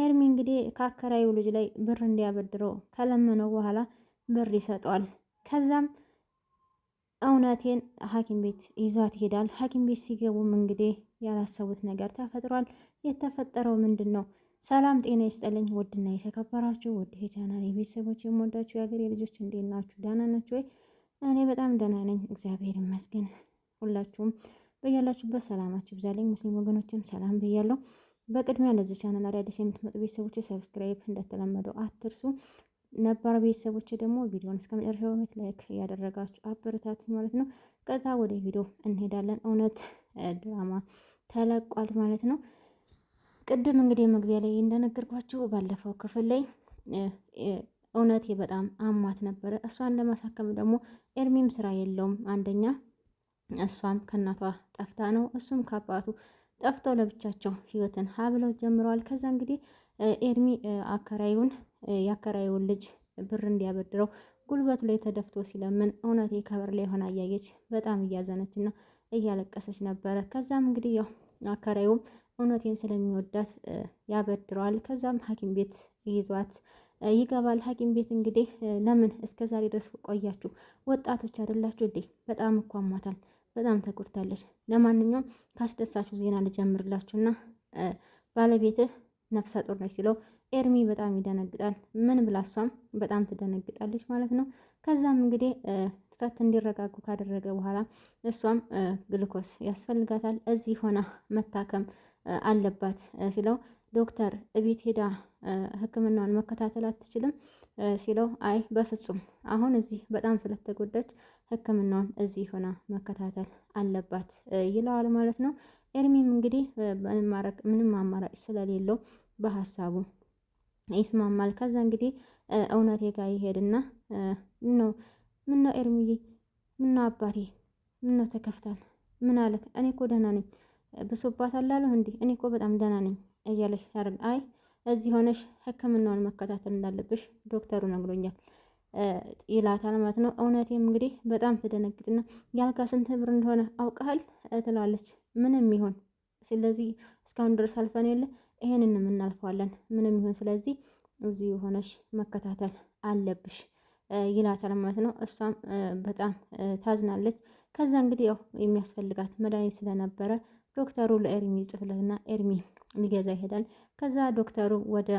ኤርሚ እንግዲህ ከአከራዩ ልጅ ላይ ብር እንዲያበድረው ከለመነው በኋላ ብር ይሰጧል። ከዛም እውነቴን ሐኪም ቤት ይዟት ይሄዳል። ሐኪም ቤት ሲገቡም እንግዲህ ያላሰቡት ነገር ተፈጥሯል። የተፈጠረው ምንድን ነው? ሰላም ጤና ይስጠልኝ። ውድና የተከበራችሁ ውድ የቻናል የቤተሰቦች የምወዳችሁ የሀገሬ ልጆች እንዴት ናችሁ? ደህና ናችሁ ወይ? እኔ በጣም ደህና ነኝ፣ እግዚአብሔር ይመስገን። ሁላችሁም በያላችሁበት ሰላማችሁ ብዛለኝ። ሙስሊም ወገኖችም ሰላም ብያለሁ። በቅድሚያ ለዚህ ቻናል አዳዲስ የምትመጡ ቤተሰቦች ሰብስክራይብ እንደተለመደው አትርሱ። ነባር ቤተሰቦች ደግሞ ቪዲዮን እስከ መጨረሻ መጨረሻው ላይክ እያደረጋችሁ አበረታት ማለት ነው። ከዛ ወደ ቪዲዮ እንሄዳለን። እውነት ድራማ ተለቋል ማለት ነው። ቅድም እንግዲህ መግቢያ ላይ እንደነገርኳችሁ ባለፈው ክፍል ላይ እውነቴ በጣም አሟት ነበረ። እሷን ለማሳከም ደግሞ ኤርሚም ስራ የለውም። አንደኛ እሷም ከእናቷ ጠፍታ ነው፣ እሱም ከአባቱ ጠፍተው ለብቻቸው ህይወትን ሀ ብለው ጀምረዋል። ከዛ እንግዲህ ኤርሚ አከራዩን የአከራዩን ልጅ ብር እንዲያበድረው ጉልበቱ ላይ ተደፍቶ ሲለምን እውነቴ ከበር ላይ ሆና እያየች በጣም እያዘነች እና እያለቀሰች ነበረ። ከዛም እንግዲህ ያው አከራዩም እውነቴን ስለሚወዳት ያበድረዋል። ከዛም ሐኪም ቤት ይዟት ይገባል። ሐኪም ቤት እንግዲህ ለምን እስከ ዛሬ ድረስ ቆያችሁ? ወጣቶች አይደላችሁ እንዴ? በጣም እኳ አሟታል። በጣም ተጎድታለች። ለማንኛውም ካስደሳችሁ ዜና ልጀምርላችሁና ባለቤትህ ነፍሰ ጡር ነች ሲለው ኤርሚ በጣም ይደነግጣል። ምን ብላሷም በጣም ትደነግጣለች ማለት ነው። ከዛም እንግዲህ ትከት እንዲረጋጉ ካደረገ በኋላ እሷም ግልኮስ ያስፈልጋታል፣ እዚህ ሆና መታከም አለባት ሲለው ዶክተር እቤት ሄዳ ሕክምናውን መከታተል አትችልም ሲለው አይ በፍጹም አሁን እዚህ በጣም ስለተጎዳች ህክምናውን እዚህ ሆና መከታተል አለባት ይለዋል ማለት ነው። ኤርሚም እንግዲህ ምንም አማራጭ ስለሌለው በሀሳቡ ይስማማል። ከዛ እንግዲህ እውነቴ ጋር ይሄድና ነው ምነው ኤርሚዬ፣ ምነው አባቴ፣ ምነው ተከፍታል? ምን አለ? እኔ እኮ ደህና ነኝ። ብሶባት አላለሁ እንዴ? እኔ እኮ በጣም ደህና ነኝ እያለሽ ታደርግ። አይ እዚህ ሆነሽ ህክምናውን መከታተል እንዳለብሽ ዶክተሩ ነግሮኛል። ይላታል ማለት ነው። እውነቴም እንግዲህ በጣም ትደነግጥና ያልጋ ስንት ብር እንደሆነ አውቀሃል ትለዋለች። ምንም ይሁን ስለዚህ እስካሁን ድረስ አልፈን የለ ይሄንን እናልፈዋለን። ምንም ይሁን ስለዚህ እዚህ የሆነሽ መከታተል አለብሽ ይላታል ማለት ነው። እሷም በጣም ታዝናለች። ከዛ እንግዲህ ያው የሚያስፈልጋት መድኃኒት ስለነበረ ዶክተሩ ለኤርሚ ይጽፍለትና ኤርሚ ሊገዛ ይሄዳል። ከዛ ዶክተሩ ወደ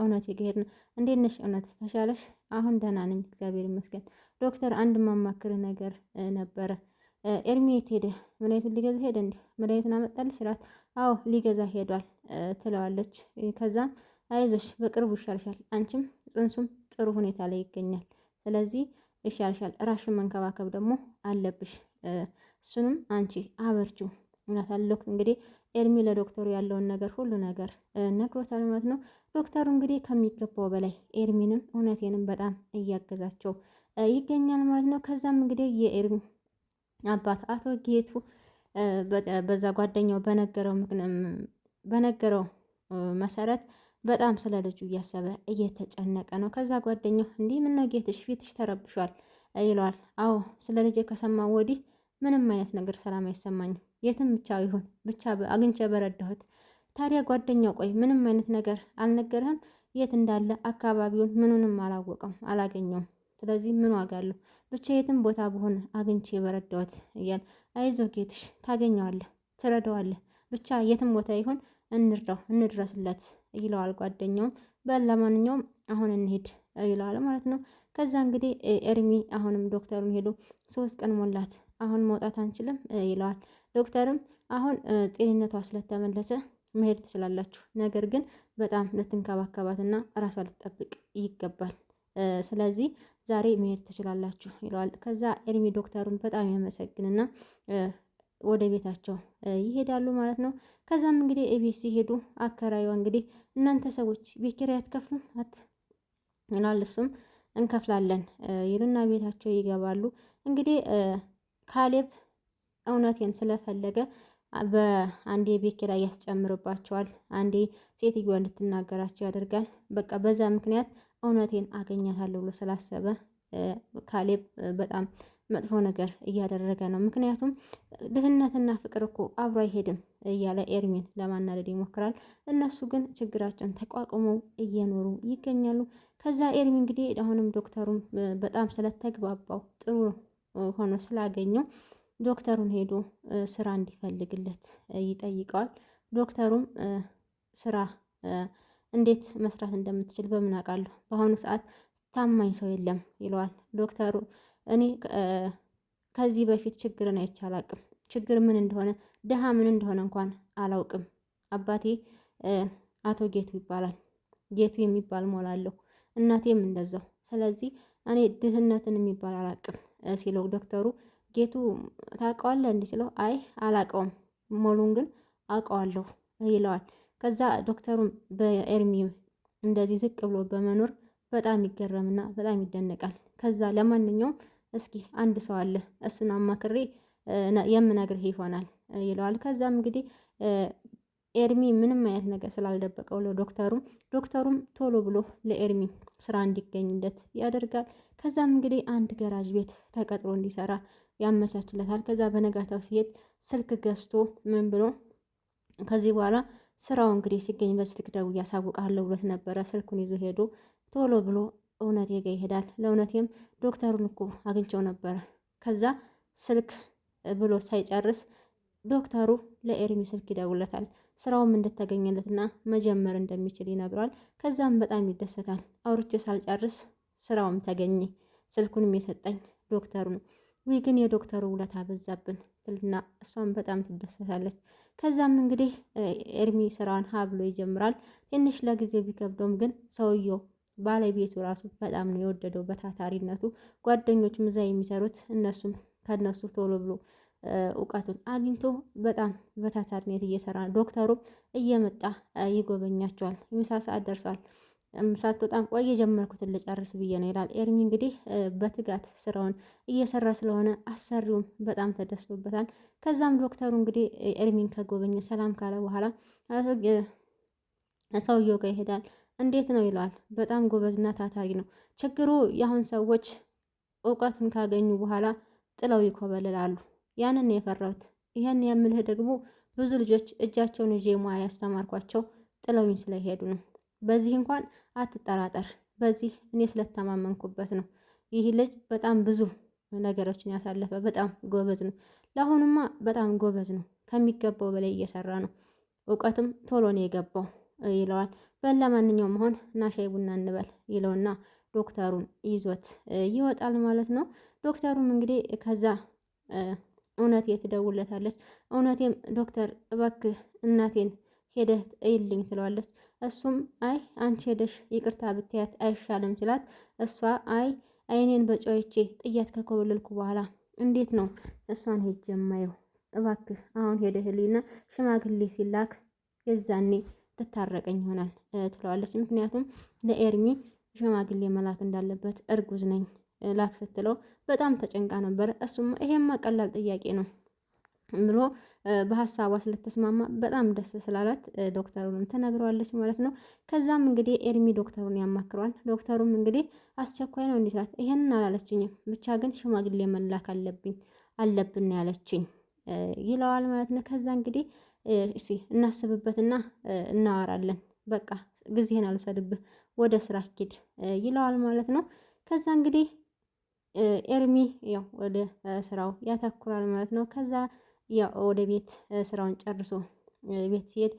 እውነት የገሄድ ነው። እንዴት ነሽ? እውነት ተሻለሽ? አሁን ደህና ነኝ እግዚአብሔር ይመስገን። ዶክተር አንድ ማማክር ነገር ነበረ። ኤርሚ የት ሄደ? መድኃኒቱን ሊገዛ ሄደ። እንዴ? መድኃኒቱን አመጣልሽ ስላት፣ አዎ ሊገዛ ሄዷል ትለዋለች። ከዛ አይዞሽ በቅርቡ ይሻልሻል፣ አንቺም ጽንሱም ጥሩ ሁኔታ ላይ ይገኛል። ስለዚህ ይሻልሻል፣ ራሽን መንከባከብ ደግሞ አለብሽ። እሱንም አንቺ አበርችው እናታለሁ። እንግዲህ ኤርሚ ለዶክተሩ ያለውን ነገር ሁሉ ነገር ነግሮታል ማለት ነው። ዶክተሩ እንግዲህ ከሚገባው በላይ ኤርሚንም እውነቴንም በጣም እያገዛቸው ይገኛል ማለት ነው። ከዛም እንግዲህ የኤርሚ አባት አቶ ጌቱ በዛ ጓደኛው በነገረው መሰረት በጣም ስለ ልጁ እያሰበ እየተጨነቀ ነው። ከዛ ጓደኛው እንዲህ ምነው ጌትሽ ፊትሽ ተረብሿል ይለዋል። አዎ ስለ ልጄ ከሰማሁ ወዲህ ምንም አይነት ነገር ሰላም አይሰማኝም። የትም ብቻ ይሁን ብቻ አግኝቼ በረዳሁት ታዲያ ጓደኛው ቆይ ምንም አይነት ነገር አልነገረህም? የት እንዳለ አካባቢውን ምኑንም አላወቀም አላገኘውም። ስለዚህ ምን ዋጋ አለው? ብቻ የትም ቦታ በሆነ አግኝቼ በረዳሁት እያል አይዞ ጌትሽ ታገኘዋለህ፣ ትረዳዋለህ። ብቻ የትም ቦታ ይሁን እንርዳው፣ እንድረስለት ይለዋል ጓደኛውም። በል ለማንኛውም አሁን እንሄድ ይለዋል ማለት ነው። ከዛ እንግዲህ ኤርሚ አሁንም ዶክተሩን ሄዶ ሶስት ቀን ሞላት፣ አሁን መውጣት አንችልም ይለዋል። ዶክተርም አሁን ጤንነቷ ስለተመለሰ መሄድ ትችላላችሁ። ነገር ግን በጣም ልትንከባከባትና ራሷ ልትጠብቅ ይገባል። ስለዚህ ዛሬ መሄድ ትችላላችሁ ይለዋል። ከዛ ኤርሚ ዶክተሩን በጣም ያመሰግንና ወደ ቤታቸው ይሄዳሉ ማለት ነው። ከዛም እንግዲህ እቤት ሲሄዱ አከራይዋ እንግዲህ እናንተ ሰዎች ቤት ኪራይ አትከፍሉም አት ይላል። እሱም እንከፍላለን ይሉና ቤታቸው ይገባሉ። እንግዲህ ካሌብ እውነቴን ስለፈለገ በአንዴ ቤኬ ላይ ያስጨምርባቸዋል፣ አንዴ ሴትዮዋ እንድትናገራቸው ያደርጋል። በቃ በዛ ምክንያት እውነቴን አገኛታለሁ ብሎ ስላሰበ ካሌብ በጣም መጥፎ ነገር እያደረገ ነው። ምክንያቱም ድህነትና ፍቅር እኮ አብሮ አይሄድም እያለ ኤርሚን ለማናደድ ይሞክራል። እነሱ ግን ችግራቸውን ተቋቁመው እየኖሩ ይገኛሉ። ከዛ ኤርሚ እንግዲህ አሁንም ዶክተሩም በጣም ስለተግባባው ጥሩ ሆኖ ስላገኘው ዶክተሩን ሄዶ ስራ እንዲፈልግለት ይጠይቀዋል። ዶክተሩም ስራ እንዴት መስራት እንደምትችል በምን አውቃለሁ? በአሁኑ ሰዓት ታማኝ ሰው የለም ይለዋል። ዶክተሩ እኔ ከዚህ በፊት ችግርን አይቼ አላውቅም። ችግር ምን እንደሆነ ድሃ ምን እንደሆነ እንኳን አላውቅም። አባቴ አቶ ጌቱ ይባላል። ጌቱ የሚባል ሞላለሁ። እናቴም እንደዛው። ስለዚህ እኔ ድህነትን የሚባል አላውቅም ሲለው ዶክተሩ ጌቱ ታውቀዋለህ? እንዲህ ስለው አይ አላውቀውም፣ ሞሉን ግን አውቀዋለሁ ይለዋል። ከዛ ዶክተሩም በኤርሚ እንደዚህ ዝቅ ብሎ በመኖር በጣም ይገረምና በጣም ይደነቃል። ከዛ ለማንኛውም እስኪ አንድ ሰው አለ እሱን አማክሬ የምነግርህ ይሆናል ይለዋል። ከዛም እንግዲህ ኤርሚ ምንም አይነት ነገር ስላልደበቀው ለዶክተሩም ዶክተሩም ቶሎ ብሎ ለኤርሚ ስራ እንዲገኝለት ያደርጋል። ከዛም እንግዲህ አንድ ገራዥ ቤት ተቀጥሮ እንዲሰራ ያመቻችለታል። ከዛ በነጋታው ሲሄድ ስልክ ገዝቶ ምን ብሎ ከዚህ በኋላ ስራው እንግዲህ ሲገኝ በስልክ ደውዬ አሳውቅሃለሁ ብሎት ነበረ። ስልኩን ይዞ ሄዶ ቶሎ ብሎ እውነቴ ጋ ይሄዳል። ለእውነቴም ዶክተሩን እኮ አግኝቸው ነበረ። ከዛ ስልክ ብሎ ሳይጨርስ ዶክተሩ ለኤርሚ ስልክ ይደውለታል። ስራውም እንደተገኘለትና መጀመር እንደሚችል ይነግሯል። ከዛም በጣም ይደሰታል። አውርቼ ሳልጨርስ ስራውም ተገኘ። ስልኩንም የሰጠኝ ዶክተሩ ነው። ወይ ግን የዶክተሩ ውለታ በዛብን ትልና እሷን በጣም ትደሰታለች። ከዛም እንግዲህ ኤርሚ ስራውን ሀ ብሎ ይጀምራል። ትንሽ ለጊዜው ቢከብደውም ግን ሰውየው ባለቤቱ ራሱ በጣም ነው የወደደው በታታሪነቱ። ጓደኞቹም እዛ የሚሰሩት እነሱም ከነሱ ቶሎ ብሎ እውቀቱን አግኝቶ በጣም በታታሪነት እየሰራ ነው። ዶክተሩም እየመጣ ይጎበኛቸዋል። ምሳ ሰዓት ደርሷል። ሳትወጣም ቆይ የጀመርኩትን ልጨርስ ብዬ ነው ይላል ኤርሚ። እንግዲህ በትጋት ስራውን እየሰራ ስለሆነ አሰሪውም በጣም ተደስቶበታል። ከዛም ዶክተሩ እንግዲህ ኤርሚን ከጎበኘ ሰላም ካለ በኋላ ሰውየው ጋር ይሄዳል። እንዴት ነው ይለዋል። በጣም ጎበዝና ታታሪ ነው። ችግሩ የአሁን ሰዎች እውቀቱን ካገኙ በኋላ ጥለው ይኮበልላሉ። ያንን የፈራሁት። ይህን የምልህ ደግሞ ብዙ ልጆች እጃቸውን ይዤ ሙያ ያስተማርኳቸው ጥለውኝ ስለሄዱ ነው በዚህ እንኳን አትጠራጠር፣ በዚህ እኔ ስለተማመንኩበት ነው። ይህ ልጅ በጣም ብዙ ነገሮችን ያሳለፈ በጣም ጎበዝ ነው። ለአሁኑማ በጣም ጎበዝ ነው፣ ከሚገባው በላይ እየሰራ ነው። እውቀትም ቶሎ ነው የገባው ይለዋል። በል ለማንኛውም አሁን ና ሻይ ቡና እንበል ይለውና ዶክተሩን ይዞት ይወጣል ማለት ነው። ዶክተሩም እንግዲህ ከዛ እውነቴ ትደውለታለች። እውነቴም ዶክተር እባክህ እናቴን ሄደህ እይልኝ ትለዋለች። እሱም አይ አንቺ ሄደሽ ይቅርታ ብትያት አይሻልም ሲላት፣ እሷ አይ አይኔን በጮይቼ ጥያት ከኮበለልኩ በኋላ እንዴት ነው እሷን ሄጅ የማየው? እባክህ አሁን ሄደ ህሊና ሽማግሌ ሲላክ የዛኔ ትታረቀኝ ይሆናል ትለዋለች። ምክንያቱም ለኤርሚ ሽማግሌ መላክ እንዳለበት እርጉዝ ነኝ ላክ ስትለው በጣም ተጨንቃ ነበር። እሱም ይሄማ ቀላል ጥያቄ ነው ብሎ በሀሳቧ ስለተስማማ በጣም ደስ ስላላት ዶክተሩንም ትነግረዋለች ማለት ነው። ከዛም እንግዲህ ኤርሚ ዶክተሩን ያማክረዋል። ዶክተሩም እንግዲህ አስቸኳይ ነው እንዲላት ይሄንን አላለችኝም፣ ብቻ ግን ሽማግሌ መላክ አለብኝ አለብን ያለችኝ ይለዋል ማለት ነው። ከዛ እንግዲህ እሺ እናስብበትና እናወራለን፣ በቃ ጊዜህን አልውሰድብህ፣ ወደ ስራ ኪድ ይለዋል ማለት ነው። ከዛ እንግዲህ ኤርሚ ያው ወደ ስራው ያተኩራል ማለት ነው። ከዛ ያው ወደ ቤት ስራውን ጨርሶ ቤት ሲሄድ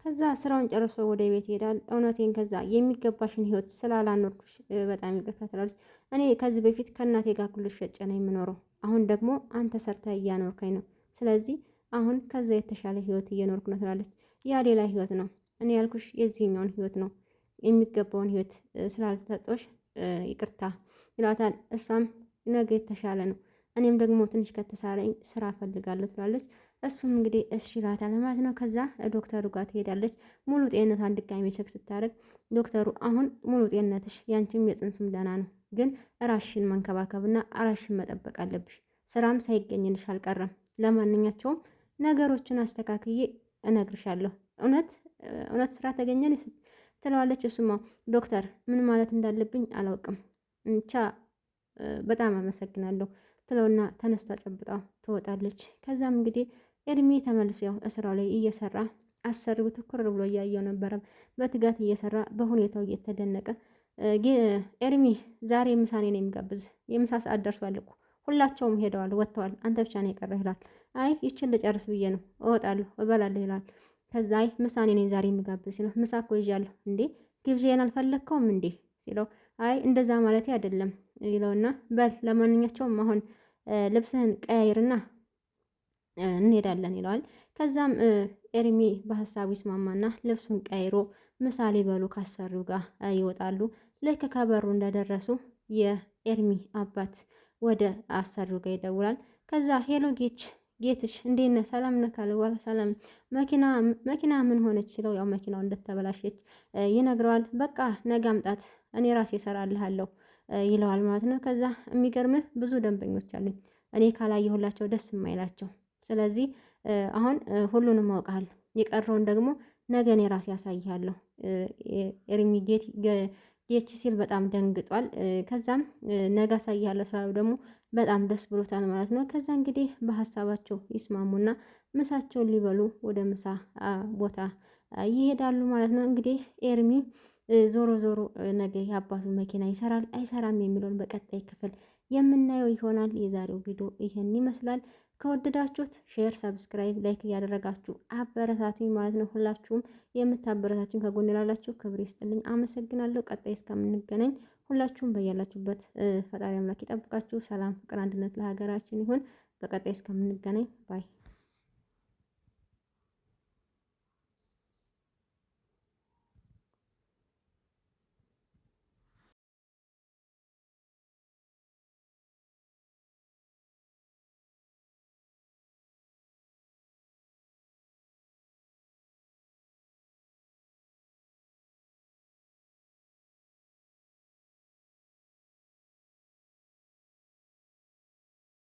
ከዛ ስራውን ጨርሶ ወደ ቤት ይሄዳል። እውነቴን ከዛ የሚገባሽን ህይወት ስላላኖርኩሽ በጣም ይቅርታ ትላለች። እኔ ከዚህ በፊት ከእናቴ ጋር ኩልሽ ሸጬ ነው የምኖረው። አሁን ደግሞ አንተ ሰርተ እያኖርከኝ ነው። ስለዚህ አሁን ከዛ የተሻለ ህይወት እየኖርኩ ነው ትላለች። ያ ሌላ ህይወት ነው። እኔ ያልኩሽ የዚህኛውን ህይወት ነው። የሚገባውን ህይወት ስላልተሰጠሽ ይቅርታ ይላታል። እሷም ነገ የተሻለ ነው፣ እኔም ደግሞ ትንሽ ከተሳለኝ ስራ ፈልጋለሁ ትላለች። እሱም እንግዲህ እሺ ይላታል ማለት ነው። ከዛ ዶክተሩ ጋር ትሄዳለች። ሙሉ ጤንነቷን ድጋሚ ቼክ ስታደርግ ዶክተሩ አሁን ሙሉ ጤንነትሽ ያንቺም የፅንሱም ደህና ነው፣ ግን ራሽን መንከባከብና ራሽን መጠበቅ አለብሽ። ስራም ሳይገኝልሽ አልቀረም። ለማንኛቸውም ነገሮችን አስተካክዬ እነግርሻለሁ። እውነት እውነት ስራ ተገኘን ትለዋለች። እሱማ ዶክተር ምን ማለት እንዳለብኝ አላውቅም እንቻ በጣም አመሰግናለሁ ትለውና ተነስታ ጨብጣ ትወጣለች። ከዛም እንግዲህ እድሜ ተመልሶ ያው እስራው ላይ እየሰራ አሰሪው ትኩር ብሎ እያየው ነበረም በትጋት እየሰራ በሁኔታው እየተደነቀ ኤርሚ ዛሬ ምሳኔ ነው የሚጋብዝ የምሳ ሰዓት ደርሷል እኮ ሁላቸውም ሄደዋል ወጥተዋል አንተ ብቻ ነው የቀረ ይላል አይ ይችን ልጨርስ ብዬ ነው እወጣለሁ እበላለሁ ይላል ከዛ አይ ምሳኔ ነኝ ዛሬ የሚጋብዝ ሲለው ምሳ እኮ ይዣለሁ እንዴ ግብዣዬን አልፈለግከውም እንዴ ሲለው አይ እንደዛ ማለት አይደለም ይለውና በል ለማንኛቸውም አሁን ልብስህን ቀያይርና እንሄዳለን ይለዋል። ከዛም ኤርሚ በሀሳቡ ይስማማና ልብሱን ቀይሮ ምሳሌ በሉ ካሰሪው ጋር ይወጣሉ። ልክ ከበሩ እንደደረሱ የኤርሚ አባት ወደ አሰሪው ጋር ይደውላል። ከዛ ሄሎ ጌች ጌትሽ እንዴነ ሰላም ነካል ወላ ሰላም መኪና ምን ሆነች? ይለው ያው መኪናው እንደተበላሸች ይነግረዋል። በቃ ነገ አምጣት እኔ ራሴ እሰራልሃለሁ ይለዋል ማለት ነው። ከዛ የሚገርምህ ብዙ ደንበኞች አሉኝ እኔ ካላየሁላቸው ደስ የማይላቸው። ስለዚህ አሁን ሁሉንም አውቃል፣ የቀረውን ደግሞ ነገ እኔ ራሴ ያሳያለሁ ኤርሚ ጌች ሲል በጣም ደንግጧል። ከዛም ነገ አሳይሃለሁ ስላሉ ደግሞ በጣም ደስ ብሎታል ማለት ነው። ከዛ እንግዲህ በሀሳባቸው ይስማሙና ምሳቸውን ሊበሉ ወደ ምሳ ቦታ ይሄዳሉ ማለት ነው። እንግዲህ ኤርሚ ዞሮ ዞሮ ነገ የአባቱ መኪና ይሰራል አይሰራም የሚለውን በቀጣይ ክፍል የምናየው ይሆናል። የዛሬው ቪዲዮ ይህን ይመስላል። ከወደዳችሁት ሼር፣ ሰብስክራይብ፣ ላይክ እያደረጋችሁ አበረታቱኝ ማለት ነው። ሁላችሁም የምታበረታችሁኝ ከጎን ላላችሁ ክብር ይስጥልኝ፣ አመሰግናለሁ። ቀጣይ እስከምንገናኝ ሁላችሁም በያላችሁበት ፈጣሪ አምላክ ይጠብቃችሁ። ሰላም፣ ፍቅር፣ አንድነት ለሀገራችን ይሁን። በቀጣይ እስከምንገናኝ ባይ